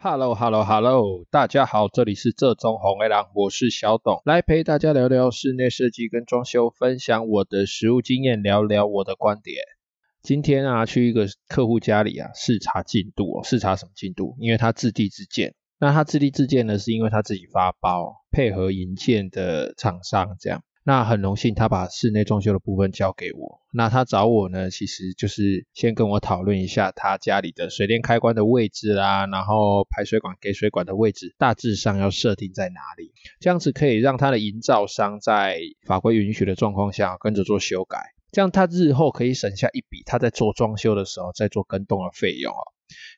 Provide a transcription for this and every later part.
Hello Hello Hello，大家好，這裡是浙中紅衛狼，我是小董，來陪大家聊聊室內設計跟裝修，分享我的實務經驗，聊聊我的觀點。今天啊，去一個客戶家裡啊，視察進度哦。視察什麼進度？因為他自地自建，那他自地自建呢，是因為他自己發包，配合營建的廠商這樣。那很榮幸，他把室內裝修的部分交給我。那他找我呢，其實就是先跟我討論一下他家裡的水電開關的位置啦，然後排水管給水管的位置，大致上要設定在哪裡，這樣子可以讓他的營造商在法規允許的狀況下跟着做修改，這樣他日後可以省下一筆他在做裝修的時候再做更動的費用哦。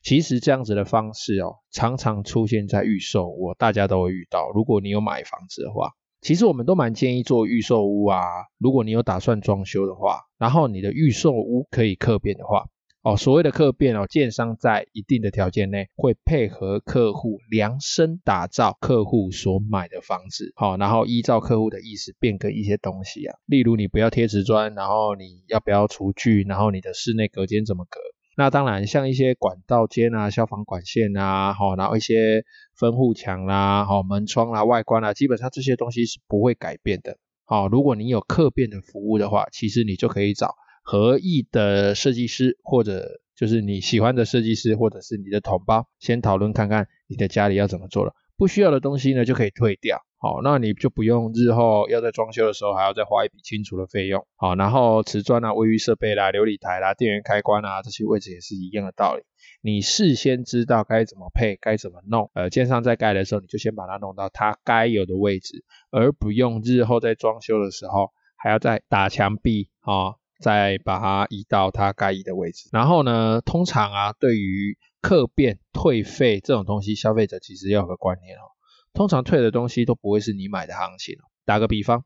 其實這樣子的方式哦，常常出現在預售，我大家都會遇到，如果你有買房子的話。其實我們都蠻建議做預售屋啊，如果你有打算裝修的話，然後你的預售屋可以客變的話，哦，所謂的客變哦，建商在一定的條件內會配合客戶量身打造客戶所買的房子，好、哦，然後依照客戶的意思變更一些東西啊，例如你不要貼瓷磚，然後你要不要廚具，然後你的室內隔間怎麼隔。那當然，像一些管道間啊、消防管線啊，哈，然後一些分戶牆啦、哈、門窗啦、啊、外觀啦、啊，基本上這些東西是不會改變的。好、哦，如果你有客變的服務的話，其實你就可以找合意的設計師，或者就是你喜歡的設計師，或者是你的同胞，先討論看看你的家裡要怎麼做了。不需要的東西呢，就可以退掉。好，那你就不用日後要在裝修的時候還要再花一筆清除的費用。好，然後瓷磚啊、衛浴設備啦、流理台啦、電源開關啊這些位置也是一樣的道理。你事先知道該怎麼配、該怎麼弄，呃，建商在蓋的時候你就先把它弄到它該有的位置，而不用日後在裝修的時候還要再打牆壁啊、哦，再把它移到它該移的位置。然後呢，通常啊，對於客變退費這種東西，消費者其實要有個觀念哦。通常退的東西都不會是你買的行情。打個比方，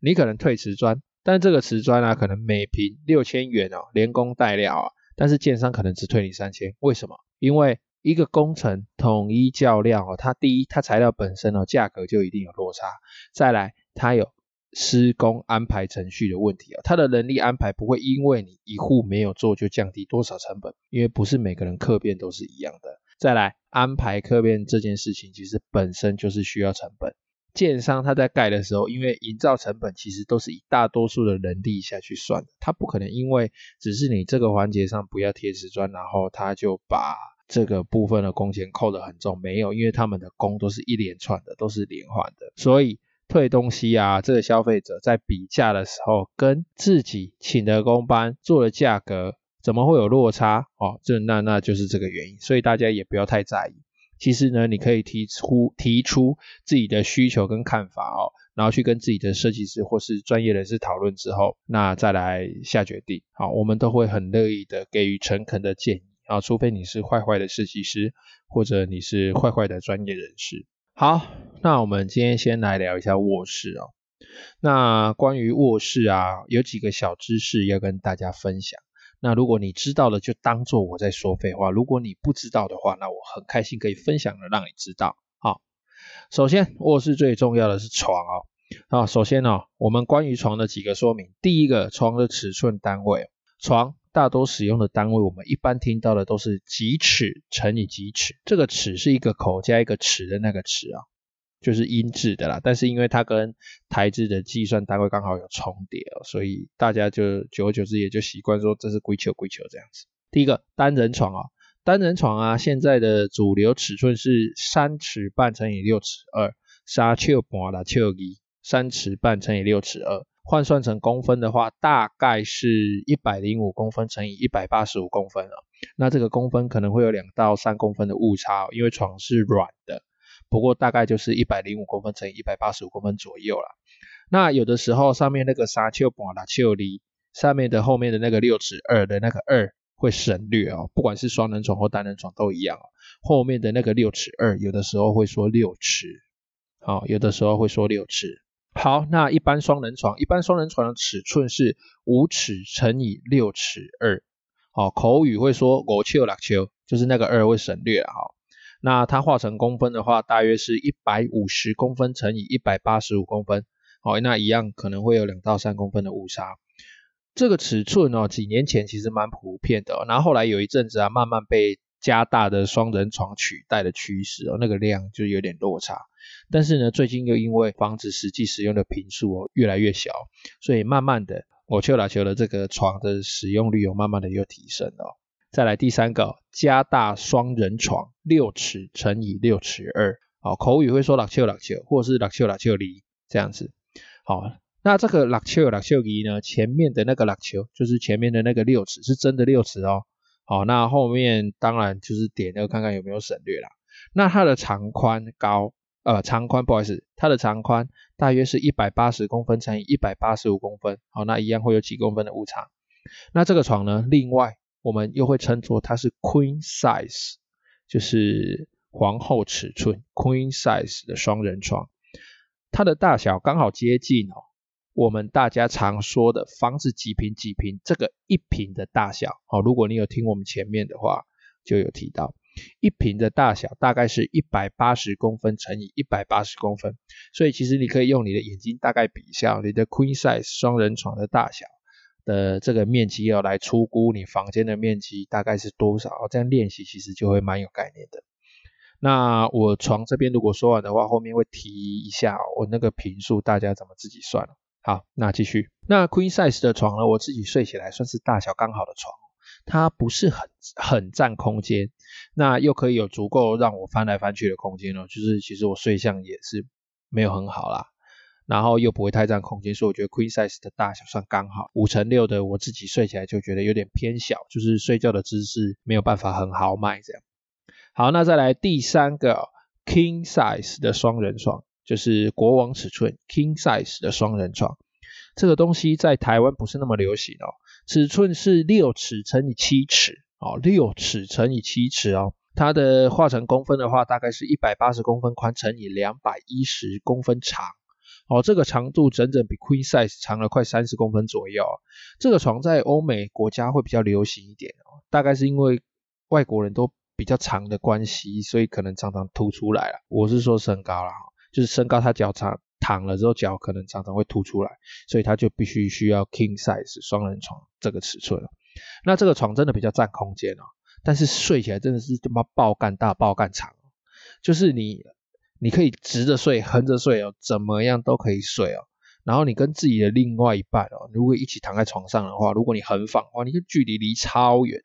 你可能退瓷磚，但這個瓷磚啊，可能每平六千元哦，連工帶料啊。但是建商可能只退你三千，為什麼？因為一個工程統一較量哦，它，第一，它材料本身哦，價格就一定有落差。再來，它有施工安排程序的問題哦，它的人力安排不會因為你一戶沒有做就降低多少成本，因為不是每個人客變都是一樣的。再來安排客變這件事情，其實本身就是需要成本。建商他在蓋的時候，因為營造成本其實都是以大多數的人力下去算的，他不可能因為只是你這個環節上不要貼瓷磚，然後他就把這個部分的工錢扣得很重。沒有，因為他們的工都是一連串的，都是連環的。所以退東西啊，這個消費者在比價的時候，跟自己請的工班做的價格。怎麼會有落差？哦，這那那就是這個原因，所以大家也不要太在意。其實呢，你可以提出提出自己的需求跟看法哦，然後去跟自己的設計師或是專業人士討論之後，那再來下決定。好，哦，我們都會很樂意的給予誠懇的建議啊，哦，除非你是壞壞的設計師，或者你是壞壞的專業人士。好，那我們今天先來聊一下臥室哦。那關於臥室啊，有幾個小知識要跟大家分享。那如果你知道了，就當做我在說廢話；如果你不知道的話，那我很開心可以分享的讓你知道。好，首先臥室最重要的是床啊、哦。啊，首先呢、哦，我們關於床的幾個說明。第一個，床的尺寸單位，床大多使用的單位，我們一般聽到的都是幾尺乘以幾尺。這個尺是一個口加一個尺的那個尺啊、哦。就是音質的啦，但是因為它跟台製的計算單位剛好有重疊哦、喔，所以大家就久而久之也就習慣說這是跪求跪求這樣子。第一個單人床啊、喔，單人床啊，現在的主流尺寸是三尺半乘以六尺二，沙丘布拉丘伊，三尺半乘以六尺二，換算成公分的話，大概是一百零五公分乘以一百八十五公分啊、喔，那這個公分可能會有兩到三公分的誤差、喔，因為床是軟的。不過大概就是一百零五公分乘以一百八十五公分左右啦。那有的時候上面那個沙丘布拉丘裡上面的後面的那個六尺二的那個二會省略哦，不管是雙人床或單人床都一樣哦。後面的那個六尺二有的時候會說六尺，好，有的時候會說六尺。好，那一般雙人床一般雙人床的尺寸是五尺乘以六尺二，好，口語會說五丘拉丘，就是那個二會省略哈。那它化成公分的話，大約是一百五十公分乘以一百八十五公分，哦，那一樣可能會有兩到三公分的誤差。這個尺寸哦，幾年前其實蠻普遍的，哦，然後後來有一陣子啊，慢慢被加大的雙人床取代的趨勢哦，那個量就有點落差。但是呢，最近又因為房子實際使用的坪數哦，越來越小，所以慢慢的，我球打球的這個床的使用率有，哦、慢慢的又提升了哦。再來第三個加大雙人床六尺乘以六尺二，好，口語會說六尺六尺，或是六尺六尺二這樣子。好，那這個六尺六尺二呢？前面的那個六尺就是前面的那個六尺是真的六尺哦。好，那後面當然就是點那個看看有沒有省略啦。那它的長寬高，呃，長寬不好意思，它的長寬大約是一百八十公分乘以一百八十五公分。好，那一樣會有幾公分的誤差。那這個床呢，另外。我們又會稱作它是 queen size，就是皇后尺寸 queen size 的雙人床，它的大小剛好接近哦，我們大家常說的房子幾坪幾坪，這個一坪的大小哦。如果你有聽我們前面的話，就有提到一坪的大小大概是一百八十公分乘以一百八十公分，所以其實你可以用你的眼睛大概比一下你的 queen size 雙人床的大小。的這個面積要、哦、來初估你房間的面積大概是多少？這樣練習其實就會蠻有概念的。那我床這邊如果說完的話，後面會提一下、哦、我那個坪數，大家怎麼自己算。好，那繼續。那 queen size 的床呢，我自己睡起來算是大小剛好的床，它不是很很佔空間，那又可以有足夠讓我翻來翻去的空間了、哦。就是其實我睡相也是沒有很好啦。然後又不會太佔空間，所以我覺得 queen size 的大小算剛好。五乘六的，我自己睡起來就覺得有點偏小，就是睡覺的姿勢沒有辦法很豪邁這樣。好，那再來第三個 king size 的雙人床，就是國王尺寸 king size 的雙人床。這個東西在台灣不是那麼流行哦。尺寸是六尺乘以七尺哦，六尺乘以七尺哦。它的化成公分的話，大概是一百八十公分寬乘以兩百一十公分長。哦，這個長度整整比 queen size 長了快三十公分左右啊，這個床在歐美國家會比較流行一點哦，大概是因為外國人都比較長的關係，所以可能常常凸出來了。我是說身高了，就是身高他腳長，躺了之後腳可能常常會凸出來，所以他就必須需要 king size 雙人床這個尺寸。那這個床真的比較佔空間哦，但是睡起來真的是他媽爆幹大、爆幹長，就是你。你可以直着睡、橫着睡哦，怎麼樣都可以睡哦。然後你跟自己的另外一半哦，你如果一起躺在床上的話，如果你橫放的話，你就距離離超遠，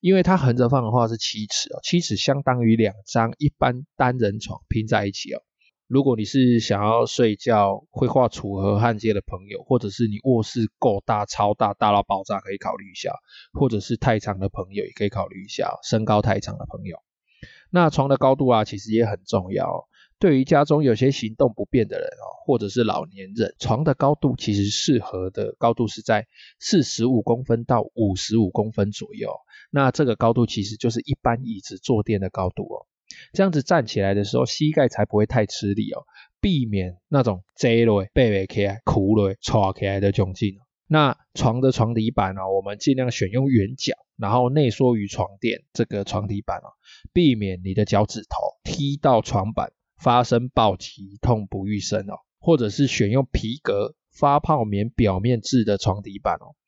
因為它橫着放的話是七尺哦，七尺相當於兩張一般單人床拼在一起哦。如果你是想要睡覺會畫楚河漢界的朋友，或者是你臥室夠大、超大、大到爆炸，可以考慮一下；或者是太長的朋友也可以考慮一下，身高太長的朋友，那床的高度啊，其實也很重要哦。對於家中有些行動不便的人、哦、或者是老年人，床的高度其實適合的高度是在四十五公分到五十五公分左右。那這個高度其實就是一般椅子坐墊的高度哦。這樣子站起來的時候，膝蓋才不會太吃力哦，避免那種 z 類背背開、苦類叉開的窘境。那床的床底板呢、哦，我們盡量選用圓角，然後內縮於床墊這個床底板哦，避免你的腳趾頭踢到床板。發生暴擊，痛不欲生哦，或者是選用皮革、發泡棉表面製的床底板哦。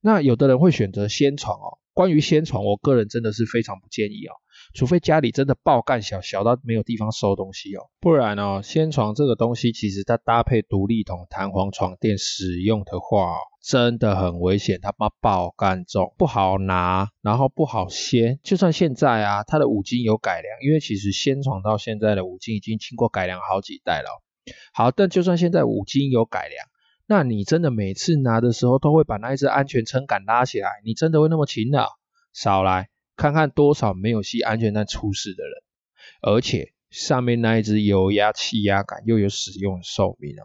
那有的人會選擇掀床哦。關於掀床，我個人真的是非常不建議哦。除非家裡真的爆幹，小小到沒有地方收東西哦，不然哦，掀床這個東西，其實它搭配獨立筒彈簧床墊使用的話哦，真的很危險，它把爆幹重，不好拿，然後不好掀。就算現在啊，它的五金有改良，因為其實掀床到現在的五金已經經過改良好幾代了。好，但就算現在五金有改良，那你真的每次拿的時候都會把那一支安全撐桿拉起來？你真的會那麼勤勞？少來。看看多少沒有繫安全帶出事的人，而且上面那一支油壓氣壓桿又有使用壽命哦、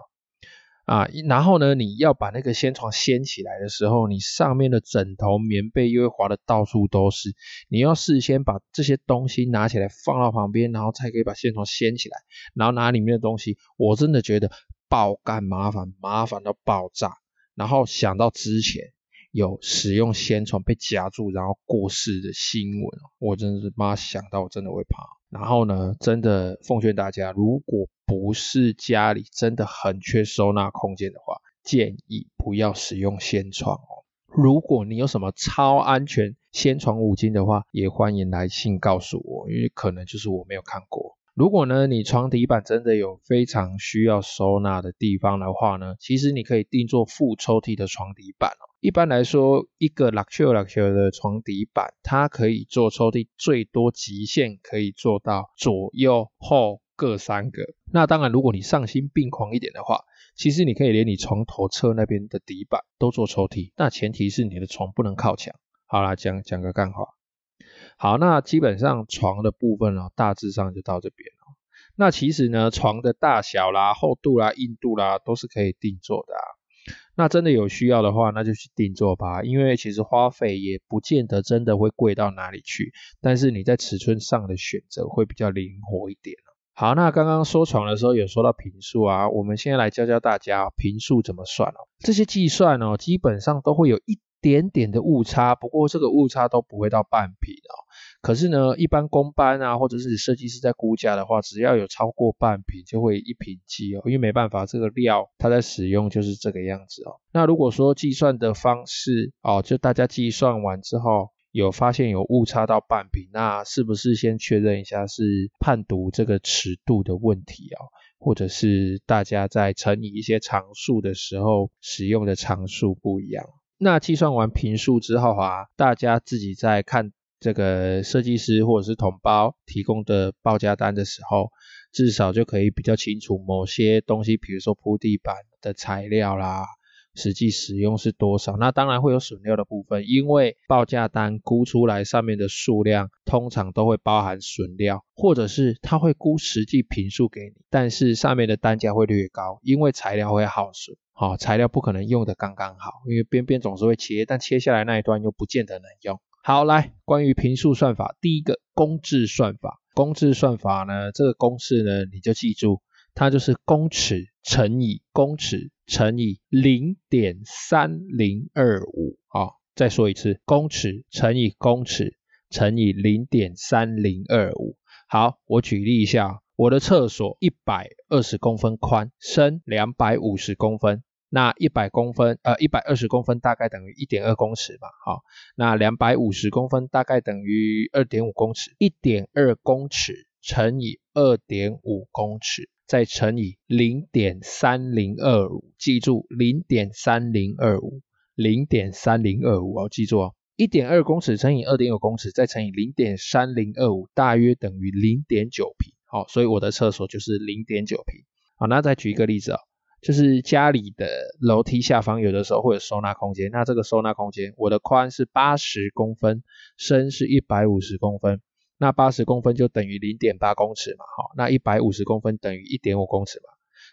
啊。啊，然後呢，你要把那個線床掀起來的時候，你上面的枕頭、棉被又會滑得到處都是。你要事先把這些東西拿起來放到旁邊，然後才可以把線床掀起來，然後拿裡面的東西。我真的覺得爆幹麻煩，麻煩到爆炸。然後想到之前。有使用掀床被夾住然後過世的新聞，我真的是媽，想到我真的會怕。然後呢，真的奉勸大家，如果不是家裡真的很缺收納空間的話，建議不要使用掀床哦。如果你有什麼超安全掀床五金的話，也歡迎來信告訴我，因為可能就是我沒有看過。如果呢，你床底板真的有非常需要收納的地方的話呢，其實你可以定做副抽屜的床底板哦。一般來說，一個 lecture lecture 的床底板，它可以做抽屜，最多極限可以做到左右後各三個。那當然，如果你喪心病狂一點的話，其實你可以連你床頭側那邊的底板都做抽屜。那前提是你的床不能靠牆。好啦，講講個乾貨。好，那基本上床的部分呢、哦，大致上就到這邊了，哦。那其實呢，床的大小啦、厚度啦、硬度啦，都是可以定做的。啊。那真的有需要的話，那就去定做吧。因為其實花費也不見得真的會貴到哪裡去，但是你在尺寸上的選擇會比較靈活一點，啊、好，那剛剛說床的時候有說到坪數啊，我們現在來教教大家坪，哦、數怎麼算哦。這些計算哦，基本上都會有一點點的誤差，不過這個誤差都不會到半坪哦。可是呢，一般工班啊，或者是設計師在估價的話，只要有超過半瓶就會一瓶計哦，因為沒辦法，這個料它在使用就是這個樣子哦。那如果說計算的方式哦，就大家計算完之後有發現有誤差到半瓶，那是不是先確認一下是判讀這個尺度的問題哦。或者是大家在乘以一些常數的時候使用的常數不一樣？那計算完瓶數之後啊，大家自己再看。這個設計師或者是同胞提供的報價單的時候，至少就可以比較清楚某些東西，比如說鋪地板的材料啦，實際使用是多少。那當然會有損料的部分，因為報價單估出來上面的數量通常都會包含損料，或者是它會估實際坪數給你，但是上面的單價會略高，因為材料會耗損。好、哦，材料不可能用的剛剛好，因為邊邊總是會切，但切下來那一段又不見得能用。好，來，關於平數算法，第一個公制算法。公制算法呢，這個公式呢，你就記住，它就是公尺乘以公尺乘以零點三零二五啊。好，再說一次，公尺乘以公尺乘以零點三零二五。好，我舉例一下，我的廁所一百二十公分寬，深兩百五十公分。那一百公分，呃，一百二十公分大概等於一點二公尺吧。好，那兩百五十公分大概等於二點五公尺，一點二公尺乘以二點五公尺，再乘以零點三零二五，記住零點三零二五，零點三零二五哦，記住哦，一點二公尺乘以二點五公尺，再乘以零點三零二五，大約等於零點九平，好，所以我的廁所就是零點九平，好，那再舉一個例子哦。就是家裡的樓梯下方有的時候會有收納空間，那這個收納空間，我的寬是八十公分，深是一百五十公分，那八十公分就等於零點八公尺嘛，好，那一百五十公分等於一點五公尺嘛，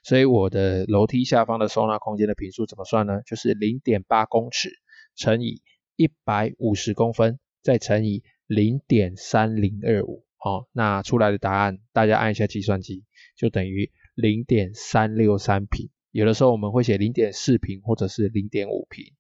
所以我的樓梯下方的收納空間的坪數怎麼算呢？就是零點八公尺乘以一百五十公分，再乘以零點三零二五，好，那出來的答案大家按一下計算機，就等於零點三六三坪有的時候我們會寫零點四坪或者是零點五坪。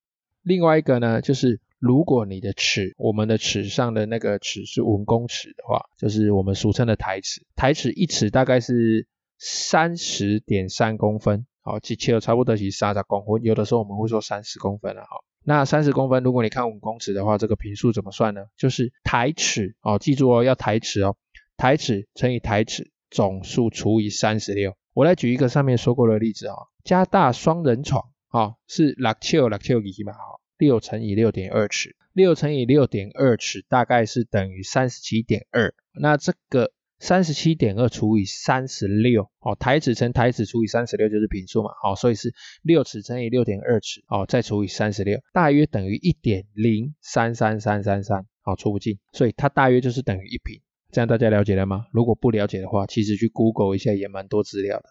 另外一個呢，就是如果你的尺，我們的尺上的那個尺是文公尺的話，就是我們俗稱的台尺。台尺一尺大概是三十點三公分，好，其實有差不多是三十公分。有的時候我們會說三十公分了、啊、哈。那三十公分，如果你看文公尺的話，這個坪數怎麼算呢？就是台尺哦，記住哦，要台尺哦，台尺乘以台尺總數除以三十六。我來舉一個上面說過的例子啊、哦，加大雙人床啊、哦，是六乘，乘，乘以六點二尺，六乘以六點二尺大概是等於三十七點二，那這個三十七點二除以三十六，哦，台尺乘台尺除以三十六就是坪數嘛，好、哦，所以是六尺乘以六點二尺，哦，再除以三十六，大約等於一點零三三三三三，好，除不盡，所以它大約就是等於一坪。這樣大家了解了嗎？如果不了解的話，其實去 Google 一下也蠻多資料的。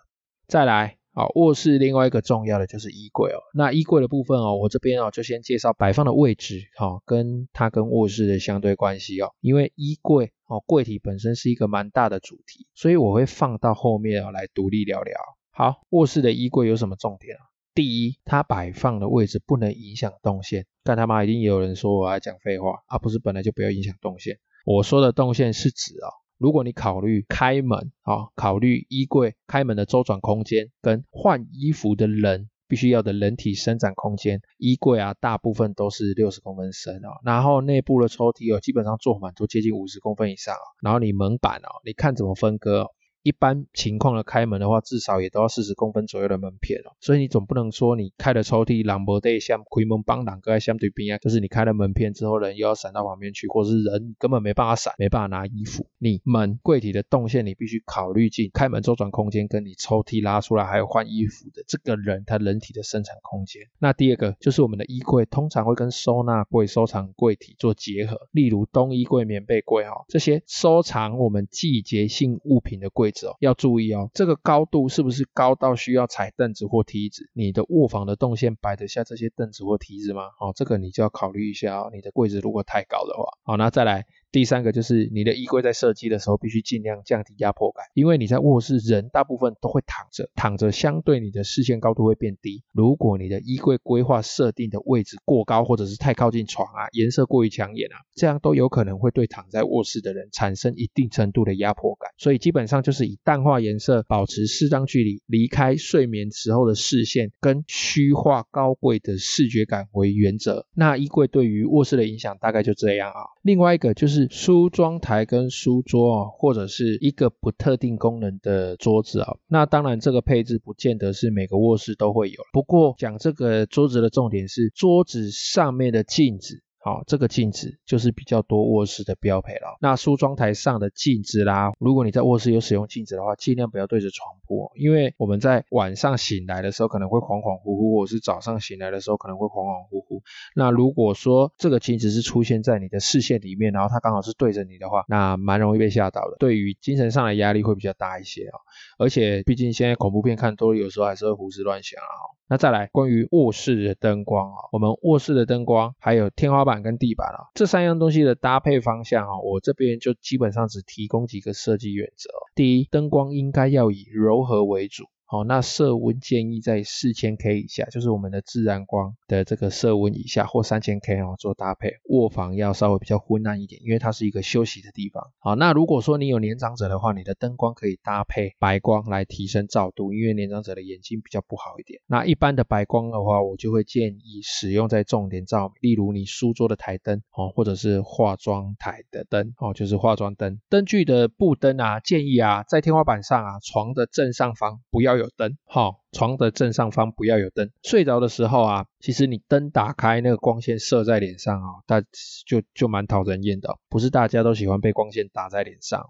再來，好，臥室另外一個重要的就是衣櫃哦。那衣櫃的部分哦，我這邊哦就先介紹擺放的位置，哈、哦，跟它跟臥室的相對關係哦。因為衣櫃哦櫃體本身是一個蠻大的主題，所以我會放到後面哦，來獨立聊聊。好，臥室的衣櫃有什麼重點啊？第一，它擺放的位置不能影響動線。但他媽一定也有人說我來講廢話啊，不是本來就不要影響動線？我說的動線是指啊、哦，如果你考慮開門啊、哦，考慮衣櫃開門的周轉空間跟換衣服的人必須要的人體伸展空間。衣櫃啊大部分都是六十公分深啊、哦，然後內部的抽屜哦基本上做滿都接近五十公分以上啊、哦，然後你門板哦，你看怎麼分割、哦。一般情況的開門的話，至少也都要四十公分左右的門片哦。所以你總不能說你開了抽屜，朗步對向開門幫，半朗個還相對平啊，就是你開了門片之後，人又要閃到旁邊去，或者是人根本沒辦法閃，沒辦法拿衣服。你門櫃體的動線你必須考慮進開門周轉空間，跟你抽屜拉出來，還有換衣服的這個人他人體的生產空間。那第二個就是我們的衣櫃通常會跟收納櫃、收藏櫃體做結合，例如冬衣櫃、棉被櫃哦，這些收藏我們季節性物品的櫃。哦，要注意哦，這個高度是不是高到需要踩凳子、或梯子？你的臥房的動線擺得下這些凳子或梯子嗎？哦，這個你就要考慮一下哦。你的櫃子如果太高的話，好，那再來。第三個就是你的衣櫃在設計的時候，必須儘量降低壓迫感，因為你在臥室人大部分都會躺着，躺着相對你的視線高度會變低。如果你的衣櫃規劃設定的位置過高，或者是太靠近床啊，顏色過於搶眼啊，這樣都有可能會對躺在臥室的人產生一定程度的壓迫感。所以基本上就是以淡化顏色、保持適當距離、離開睡眠時候的視線跟虛化高櫃的視覺感為原則。那衣櫃對於臥室的影響大概就這樣啊。另外一個就是。梳妝台跟書桌啊，或者是一個不特定功能的桌子啊，那當然這個配置不見得是每個臥室都會有。不過講這個桌子的重點是桌子上面的鏡子。好、哦，這個鏡子就是比較多臥室的標配了、哦。那梳妝台上的鏡子啦，如果你在臥室有使用鏡子的話，盡量不要對着床鋪、哦，因為我們在晚上醒來的時候可能會恍恍惚惚，或者是早上醒來的時候可能會恍恍惚惚。那如果說這個鏡子是出現在你的視線裡面，然後它剛好是對着你的話，那蠻容易被嚇到的，對於精神上的壓力會比較大一些啊、哦。而且畢竟現在恐怖片看多了，有時候還是會胡思亂想啊。那再來關於臥室的燈光啊，我們臥室的燈光，還有天花板跟地板啊，這三樣東西的搭配方向啊，我這邊就基本上只提供幾個設計原則。第一，燈光應該要以柔和為主。好，那色溫建議在四千 K 以下，就是我們的自然光的這個色溫以下或三千 K 哦，做搭配。臥房要稍微比較昏暗一點，因為它是一個休息的地方。好，那如果說你有年長者的話，你的燈光可以搭配白光來提升照度，因為年長者的眼睛比較不好一點。那一般的白光的話，我就會建議使用在重點照明，例如你書桌的台燈哦，或者是化妝台的燈哦，就是化妝燈。燈具的布燈啊，建議啊，在天花板上啊，床的正上方不要用。有燈，好、哦、床的正上方不要有燈。睡着的時候啊，其實你燈打開，那個光線射在臉上啊、哦，那就就蠻討人厭的、哦。不是大家都喜歡被光線打在臉上、哦。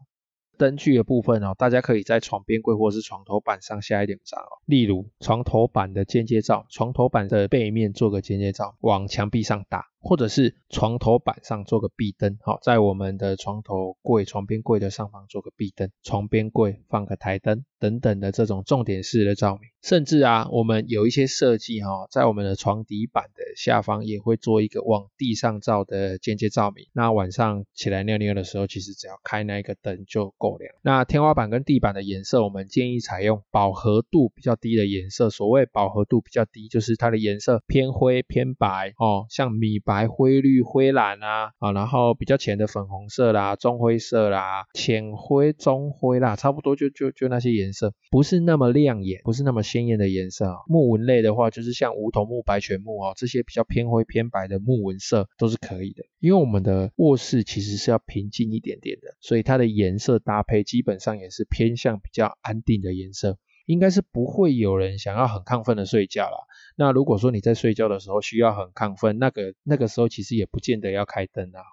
燈具的部分哦，大家可以在床邊櫃或是床頭板上下一點燈哦。例如床頭板的間接照，床頭板的背面做個間接照，往牆壁上打，或者是床頭板上做個壁燈。好，在我們的床頭櫃、床邊櫃的上方做個壁燈，床邊櫃放個檯燈等等的這種重點式的照明。甚至啊，我們有一些設計哈，在我們的床底板的下方也會做一個往地上照的間接照明。那晚上起來尿尿的時候，其實只要開那一個燈就夠了。那天花板跟地板的顏色，我們建議採用飽和度比較低的顏色。所謂飽和度比較低，就是它的顏色偏灰偏白哦，像米白、灰綠、灰藍啊，啊，然後比較淺的粉紅色啦、棕灰色啦、淺灰、棕灰啦，差不多就就就那些顏色，不是那麼亮眼，不是那麼。鮮豔的顏色啊，木紋類的話，就是像梧桐木、白樺木哦，這些比較偏灰偏白的木紋色都是可以的。因為我們的臥室其實是要平靜一點點的，所以它的顏色搭配基本上也是偏向比較安定的顏色，應該是不會有人想要很亢奮的睡覺了。那如果說你在睡覺的時候需要很亢奮，那個那個時候其實也不見得要開燈的哈。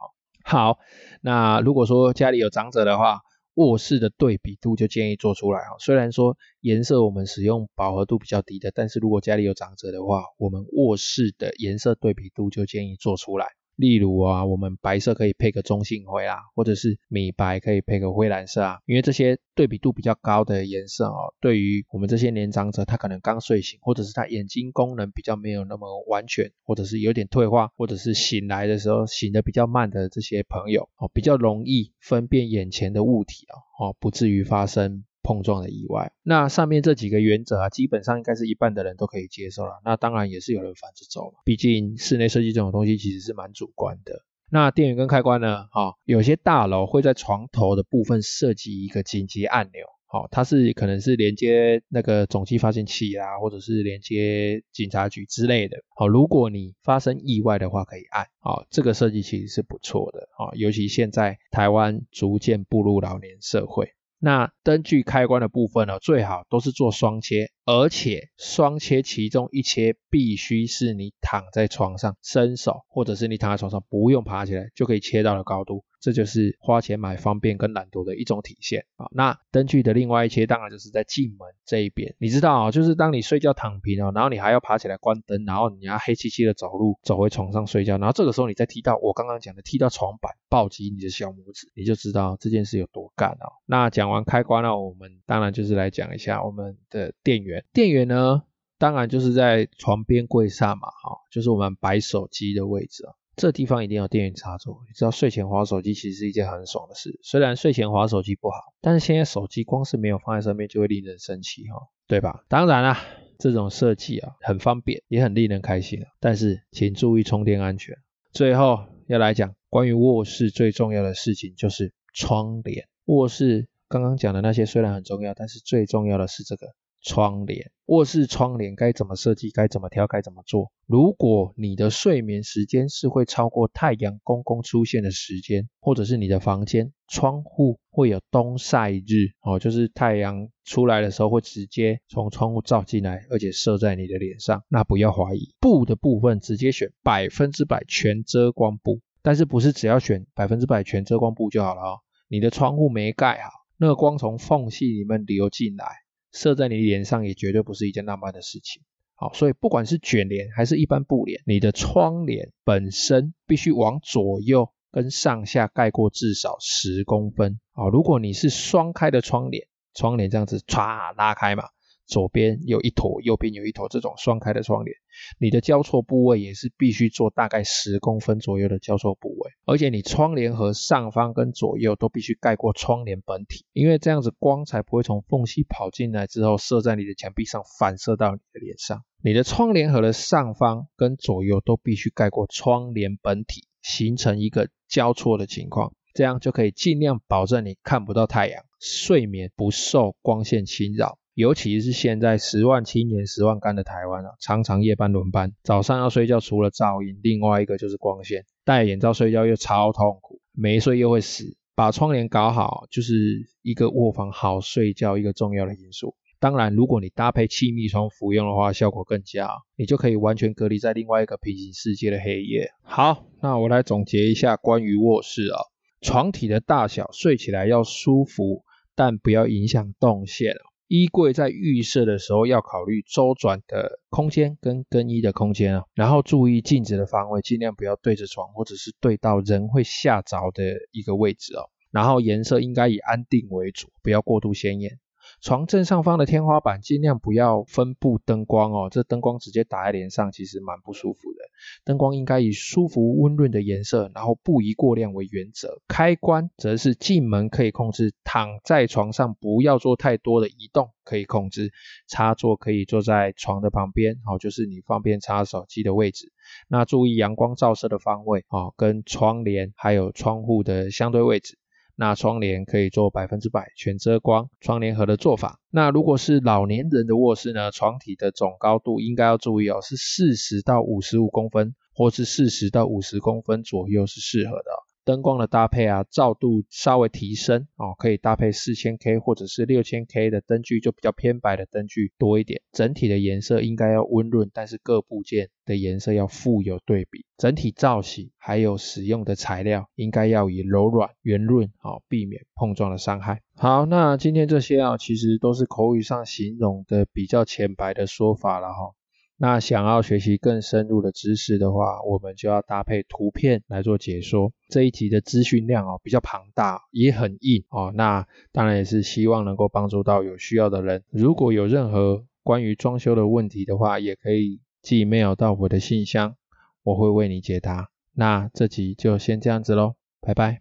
好，那如果說家裡有長者的話，臥室的對比度就建議做出來啊，雖然說顏色我們使用飽和度比較低的，但是如果家裡有長者的話，我們臥室的顏色對比度就建議做出來。例如啊，我們白色可以配個中性灰啊，或者是米白可以配個灰藍色啊，因為這些對比度比較高的顏色哦，對於我們這些年長者，他可能剛睡醒，或者是他眼睛功能比較沒有那麼完全，或者是有點退化，或者是醒來的時候醒得比較慢的這些朋友哦，比較容易分辨眼前的物體啊，哦，哦，不至於發生。碰撞的意外，那上面這幾個原則啊，基本上應該是一半的人都可以接受了。那當然也是有人反着走，畢竟室內設計這種東西其實是蠻主觀的。那電源跟開關呢？哈、哦，有些大樓會在床頭的部分設計一個緊急按鈕，哦，它是可能是連接那個總機發現器啊，或者是連接警察局之類的。好、哦，如果你發生意外的話，可以按。好、哦，這個設計其實是不錯的。啊、哦，尤其現在台灣逐漸步入老年社會。那燈具開關的部分呢、哦，最好都是做雙切。而且雙切其中一切必須是你躺在床上伸手，或者是你躺在床上不用爬起來就可以切到的高度，這就是花錢買方便跟懶惰的一種體現啊。那燈具的另外一切當然就是在進門這一邊，你知道啊、哦，就是當你睡覺躺平哦，然後你還要爬起來關燈，然後你要黑漆漆的走路，走回床上睡覺，然後這個時候你再踢到我剛剛講的踢到床板，暴擊你的小拇指，你就知道這件事有多幹了。那講完開關了、啊，我們當然就是來講一下我們的電源。電源呢？當然就是在床邊櫃上嘛、哦，哈，就是我們擺手機的位置啊、哦。這地方一定有電源插座。你知道睡前滑手機其實是一件很爽的事，雖然睡前滑手機不好，但是現在手機光是沒有放在身邊就會令人生氣、哦，哈，對吧？當然啦，這種設計啊，很方便，也很令人開心啊。但是請注意充電安全。最後要來講關於臥室最重要的事情就是窗簾。臥室剛剛講的那些雖然很重要，但是最重要的是這個。窗簾，臥室窗簾該怎麼設計？該怎麼挑？該怎麼做？如果你的睡眠時間是會超過太陽公公出現的時間，或者是你的房間窗戶會有東曬日哦，就是太陽出來的時候會直接從窗戶照進來，而且射在你的臉上，那不要懷疑，布的部分直接選百分之百全遮光布。但是不是只要選百分之百全遮光布就好了哦？你的窗戶沒蓋好，那個光從縫隙裡面流進來。射在你臉上也絕對不是一件浪漫的事情。好，所以不管是捲簾還是一般布簾，你的窗簾本身必須往左右跟上下蓋過至少十公分。好，如果你是雙開的窗簾，窗簾這樣子歘拉開嘛。左邊有一坨，右邊有一坨，這種雙開的窗簾，你的交錯部位，也是必須做大概十公分左右的交錯部位，而且你窗簾盒上方跟左右都必須蓋過窗簾本體，因為這樣子光才不會從縫隙跑進來之後射在你的牆壁上，反射到你的臉上。你的窗簾盒的上方跟左右都必須蓋過窗簾本體，形成一個交錯的情況，這樣就可以盡量保證你看不到太陽，睡眠不受光線侵擾。尤其是現在十萬青年、十萬肝的台灣啊，常常夜班輪班，早上要睡覺，除了噪音，另外一個就是光線，戴眼罩睡覺又超痛苦，沒睡又會死。把窗簾搞好，就是一個臥房好睡覺一個重要的因素。當然，如果你搭配氣密窗服用的話，效果更佳，你就可以完全隔離在另外一個平行世界的黑夜。好，那我來總結一下關於臥室啊，床體的大小，睡起來要舒服，但不要影響動線。衣櫃在預設的時候要考慮周轉的空間跟更衣的空間哦。然後注意鏡子的方位，盡量不要對着床或者是對到人會嚇着的一個位置哦。然後顏色應該以安定為主，不要過度鮮豔。床正上方的天花板盡量不要分布燈光哦，這燈光直接打在臉上，其實蠻不舒服的。燈光應該以舒服、溫潤的顏色，然後不宜過亮，為原則。開關則是進門可以控制，躺在床上不要做太多的移動可以控制。插座可以坐在床的旁邊，好，就是你方便插手機的位置。那注意陽光照射的方位啊，跟窗簾還有窗戶的相對位置。那窗簾可以做百分之百全遮光窗簾盒的做法。那如果是老年人的臥室呢？床體的總高度應該要注意哦，是四十到五十五公分，或是四十到五十公分左右是適合的哦。燈光的搭配啊，照度稍微提升哦，可以搭配四千 K 或者是六千 K 的燈具，就比較偏白的燈具多一點。整體的顏色應該要溫潤，但是各部件的顏色要富有對比。整體造型還有使用的材料，應該要以柔軟圓潤啊、哦，避免碰撞的傷害。好，那今天這些啊，其實都是口語上形容的比較淺白的說法了哈、哦。那想要學習更深入的知識的話，我們就要搭配圖片來做解說。這一集的資訊量啊、哦、比較龐大，也很硬哦。那當然也是希望能夠幫助到有需要的人。如果有任何關於裝修的問題的話，也可以寄 mail 到我的信箱，我會為你解答。那這集就先這樣子嘍，拜拜。